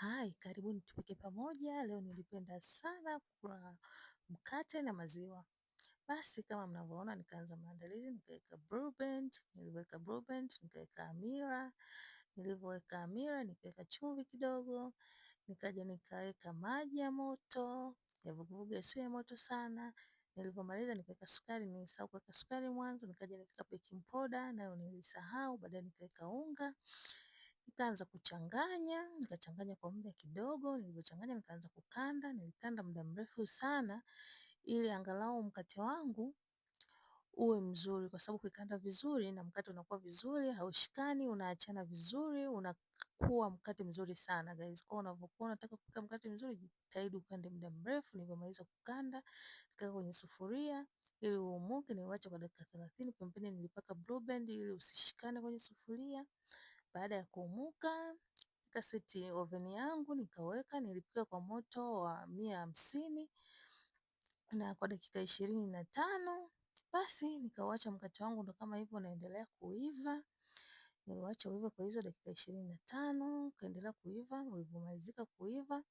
Hai, karibuni tupike pamoja. Leo nilipenda sana kula mkate na maziwa. Basi kama mnavyoona, nikaanza maandalizi, nikaweka blueband, niliweka nikaweka amira. Nilivyoweka amira, nikaweka chumvi kidogo, nikaja nikaweka maji ya moto ya vuguvugu, yasiyo ya moto sana. Nilivyomaliza nikaweka sukari, nilisahau kuweka sukari mwanzo. Nikaja nikaweka baking powder, nayo nilisahau. Baadaye nikaweka unga Nikaanza kuchanganya, nikachanganya kwa muda kidogo, nilivyochanganya nikaanza kukanda, nilikanda muda mrefu sana ili angalau mkate wangu uwe mzuri, kwa sababu ukikanda vizuri na mkate unakuwa vizuri, haushikani, unaachana vizuri, unakuwa mkate mzuri sana guys. Kwa unavyokuwa unataka kupika mkate mzuri, jitahidi ukande muda mrefu. Nilivyomaliza kukanda, nikaweka kwenye sufuria ili uumuke, niliwacha kwa dakika 30. Pembeni nilipaka blue band ili usishikane kwenye sufuria. Baada ya kuumuka kaseti oveni yangu nikaweka, nilipika kwa moto wa mia hamsini na kwa dakika ishirini na tano. Basi nikauacha mkate wangu ndo kama hivyo unaendelea kuiva. Niliwacha uive kwa hizo dakika ishirini na tano, ukaendelea kuiva. Ulivyomalizika kuiva,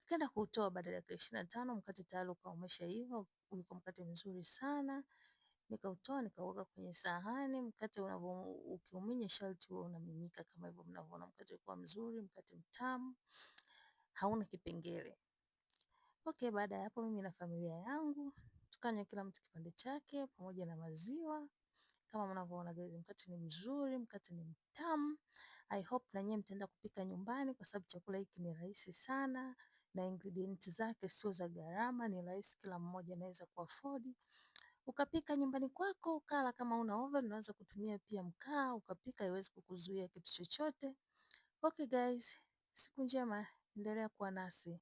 nikaenda kuutoa. Baada ya dakika ishirini na tano, mkate tayari ukawa umeshaiva, ulikuwa mkate mzuri sana nikautoa nikauweka kwenye sahani. Mkate unavyo ukiuminya sharti huwa unaminyika kama hivyo mnavyoona. Mkate ulikuwa mzuri, mkate mtamu, hauna kipengele. Okay, baada ya hapo mimi na familia yangu tukanywa kila mtu kipande chake pamoja na maziwa. Kama mnavyoona guys, mkate ni mzuri, mkate ni mtamu. I hope na nyie mtaenda kupika nyumbani kwa sababu chakula hiki ni rahisi sana na ingredients zake sio za gharama, ni rahisi, kila mmoja anaweza kuafford. Ukapika nyumbani kwako ukala, kama una oven unaweza kutumia pia mkaa ukapika, haiwezi kukuzuia kitu chochote. Okay guys, siku njema, endelea kuwa nasi.